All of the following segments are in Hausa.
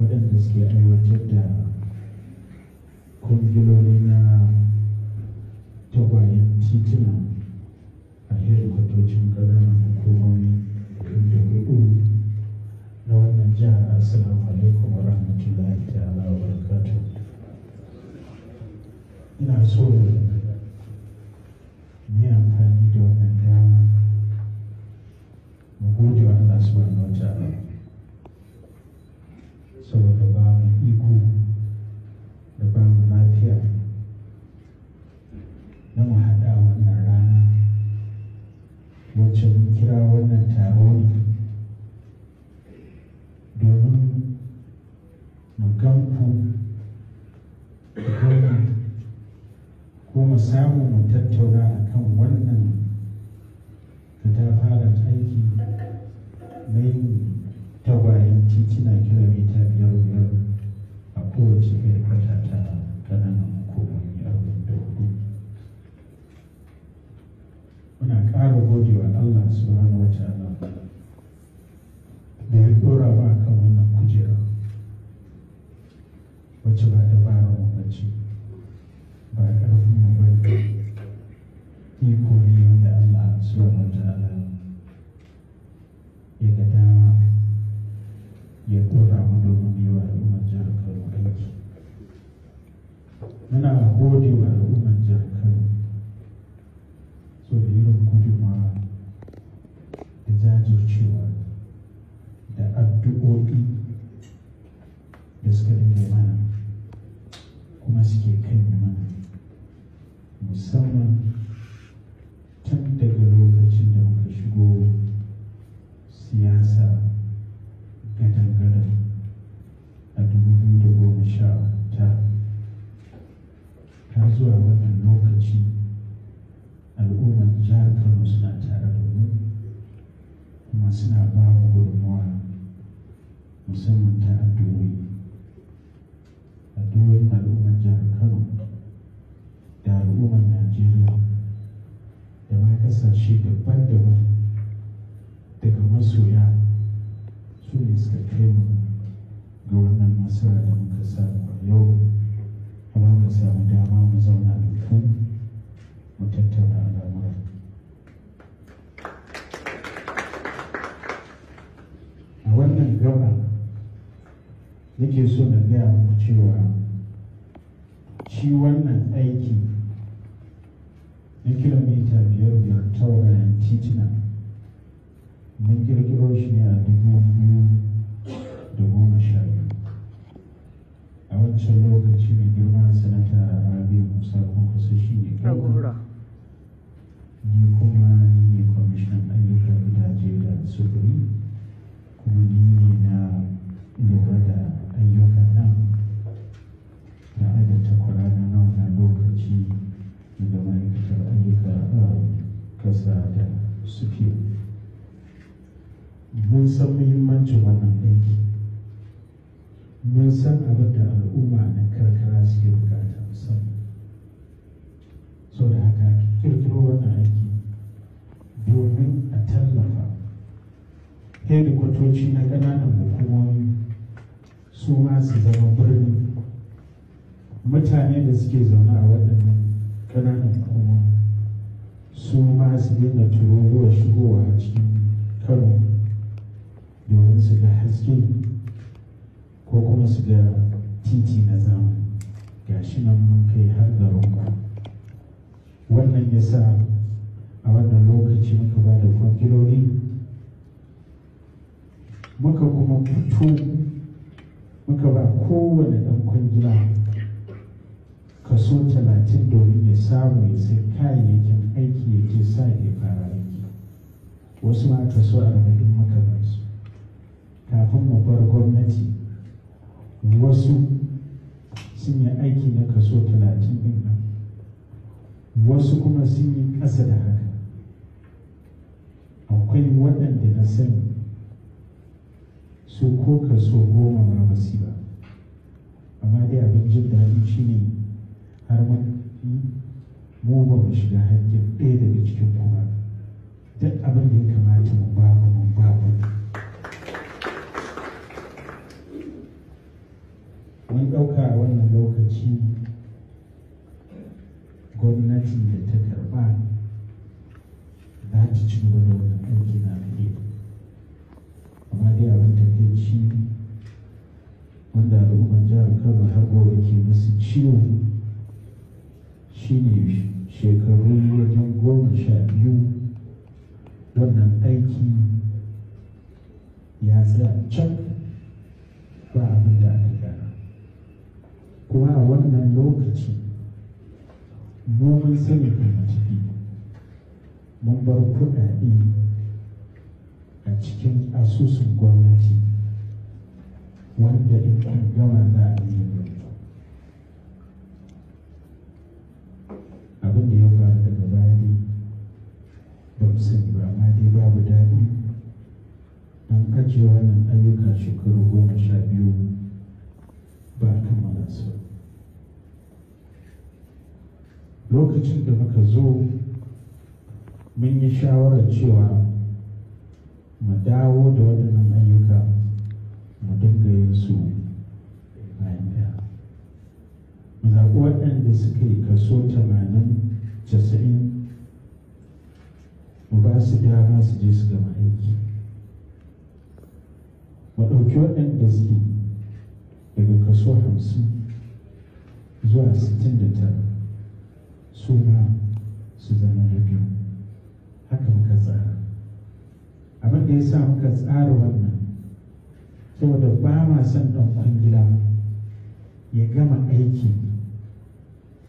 waɗanda suke aiwatar da kwangiloli na tagwayen titina a hedikwatocin ƙananan hukumomi da hudu na wannan jihar assalamu alaikum wa rahmatullahi ta'ala wa barakatuh ina so ganku ko mu samu mu tattauna a kan wannan katafaren aiki mai yin titina kilomita biyar biyar a kowace kwata ta kananan hukumomi arba'in da hudu muna ƙara godewa allah subhanahu wa ta'ala ga wannan nasara da muka samu a yau kuma muka samu dama mu zauna da mu tattauna al'amura a wannan gaba nake so na gaya muku cewa shi wannan aiki na kilomita biyar biyar ta wayan titina mun kirkiro shi ne a dubu biyu da goma sha biyu wancan lokaci mai girma sanata rabiu musa kwankwaso shi ne ni kuma ni ne kwamishinan ayyukan gidaje da sufuri kuma ni ne na lura da ayyukan nan tare da nawa na wannan lokaci daga ma'aikatar ayyuka a kasa da suke mun san muhimmancin wannan aiki mun san abin da al'umma na karkara suke bukata musamman so da haka kirkiro wannan aiki domin a tallafa hedikwatoci na ƙananan hukumomi su ma su zama birni mutane da suke zaune a waɗannan ƙananan hukumomi su ma su dinga tururuwa shigowa cikin karo domin su ga haske ko kuma su ga titi na zamani shi nan mun kai har da garin wannan ya sa a wannan lokaci muka ba da kwangiloli muka kuma fito muka ba kowane ɗan kwangila kaso talatin domin ya samu ya sai kayayyakin aiki ya ce sa ya fara aiki wasu ma kaso arba'in muka ba su kafin mu bar gwamnati wasu sun yi aiki na kaso talatin din nan wasu kuma sun yi ƙasa da haka akwai waɗanda na sani su ko kaso goma ma ba su ba amma dai abin jin daɗi shi ne har mu ba mu shiga hanyar ɗaya daga cikin kuma duk abin da ciwo shine shekaru wajen goma sha wannan aiki ya sa can ba abin da aka gana kuma a wannan lokaci mun sani kuma ciki mun bar kuɗaɗe a cikin asusun gwamnati wanda in an gama za a yi ajiye wannan ayyuka shekaru goma sha biyu ba a kammala su lokacin da muka zo mun yi shawarar cewa mu dawo da waɗannan ayyuka mu dinga yin su bayan ɗaya mu zaɓi waɗanda suka yi kaso tamanin casa'in mu ba su dama su je su gama aiki mu ɗauki waɗanda suke daga kaso hamsin zuwa sittin da tara su ma su zama da biyu haka muka tsara abin da ya sa muka tsara wannan saboda ba ma son ɗan kwangila ya gama aiki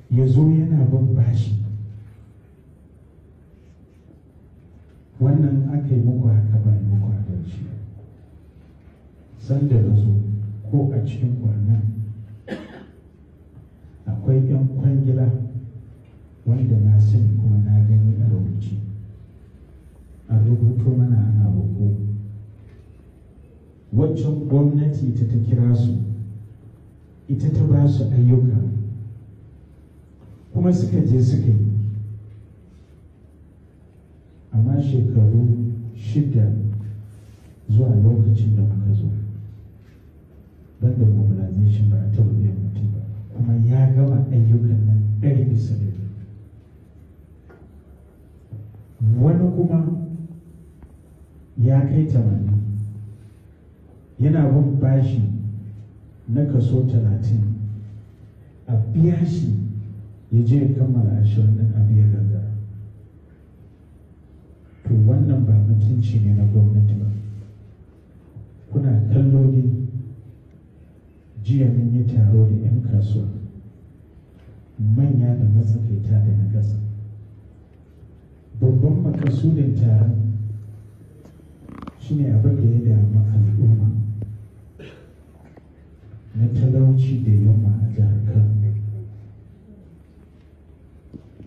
ya zo yana bin bashi wannan aka yi muku haka ba sanda na zo ko a cikin kwanan. akwai 'yan kwangila wanda na sani kuma na gani a rubuce a rubuto mana ana roƙo waccan gwamnati ta ta kira su ita ta ba su ayyuka kuma suka je suka yi amma shekaru shida zuwa lokacin da muka zo Lagar mobilization ba a taɓa biyan mutum ba, kuma ya gama ayyukan nan ɗari bisa ɗari. Wani kuma ya kai tamanin yana bin bashi na kaso talatin a biya shi ya je kammala ashirin ɗin a biya gagara. To wannan ba mutum taro da 'yan kasuwa manya da matsakaita da na ƙasa babban makasudin taron shine abin da ya damu al'umma na talauci da yamma a jihar kano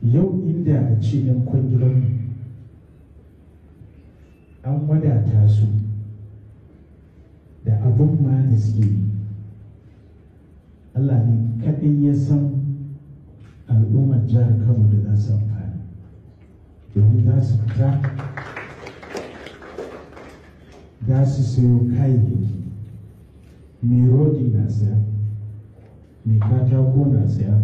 yau inda a cikin 'yan an wadata su da abin ma da suke yi Allah ne kaɗai ya san al'ummar jihar Kano da za su amfani domin za su fita za su sayo kayayyaki mai rodi na saya mai katako na saya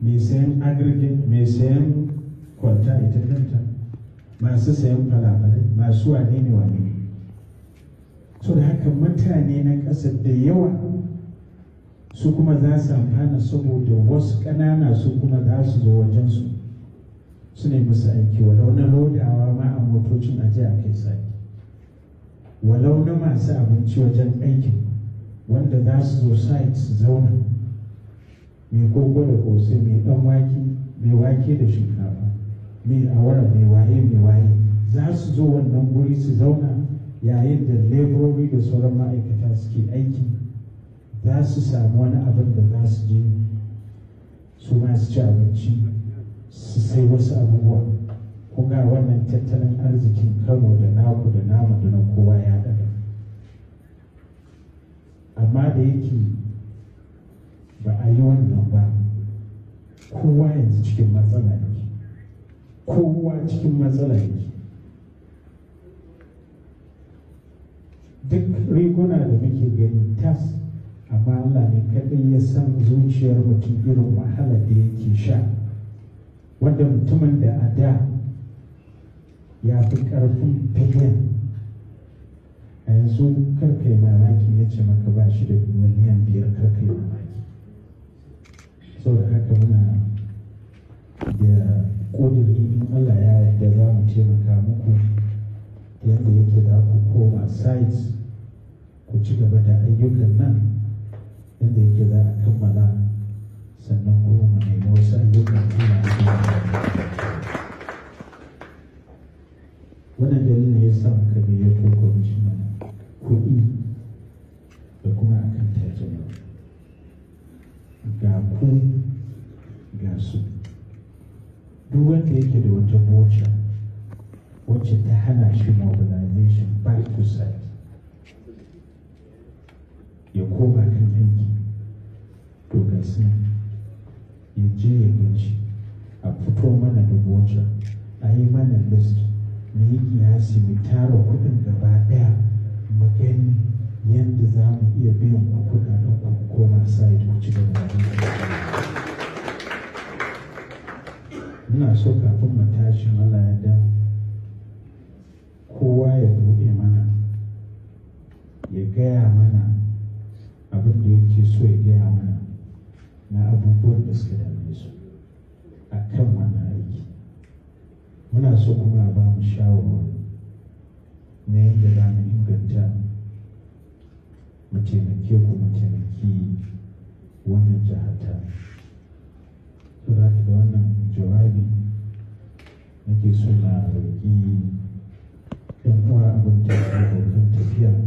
mai sayan aggregate mai sayan kwalta ita kanta masu sayan falafalai masu wane ne wane ne so da haka mutane na ƙasar da yawa su kuma za su amfana saboda wasu ƙanana su kuma za su zo wajensu su ne musu aiki walau na lodawa ma a motocin aje a kai sai walau na masu abinci wajen aikin wanda za su zo site su zauna mai koko da kosai mai dan wake mai wake da shinkafa mai awara mai waye mai waye za su zo wannan guri su zauna yayin da laborori da sauran ma'aikata suke aiki za su samu wani abin da za su je su ma su ci abinci su sai wasu abubuwa kuma wannan tattalin arzikin kano da naku da namu da na kowa ya daga amma da yake ba a yi wannan ba kowa yanzu cikin matsala ne kowa cikin matsala ne duk riguna da muke gani tas amma Allah ne kaɗai ya san zuciyar mutum irin wahala da yake sha wanda mutumin da a da ya fi ƙarfin biliyan a yanzu karkai mamaki ya ce maka ba shi da miliyan biyar karkai mamaki da haka muna da ƙudiri in Allah ya yarda za mu taimaka muku yadda yake da ku koma sites ku ci gaba da ayyukan nan inda yake za a kammala sannan kuma mu nemi wasu ayyukan Allah wannan dalilin ya sa muka biyo ko kwamishina kuɗi da kuma akan tarjuma ga ku ga su duk wanda yake da wata mota wacce ta hana shi mobilization by two sides? ya koma kan aiki to ga ya je ya gaji a fito mana da boca a yi mana list mu yi kiyasi mu tara kuɗin gaba ɗaya mu gani yadda za mu iya biyan ku kuɗaɗen koma site ku ci gaba ina so kafin mu tashi Allah ya dan kowa ya buɗe mana ya gaya mana na abubuwan da suka dame su a kan wannan aiki muna so kuma a ba mu shawarwari na yadda za mu inganta mu taimake ku mu taimaki wannan jihata to da da wannan jawabi nake so na roƙi ɗan uwa abin da abokan tafiya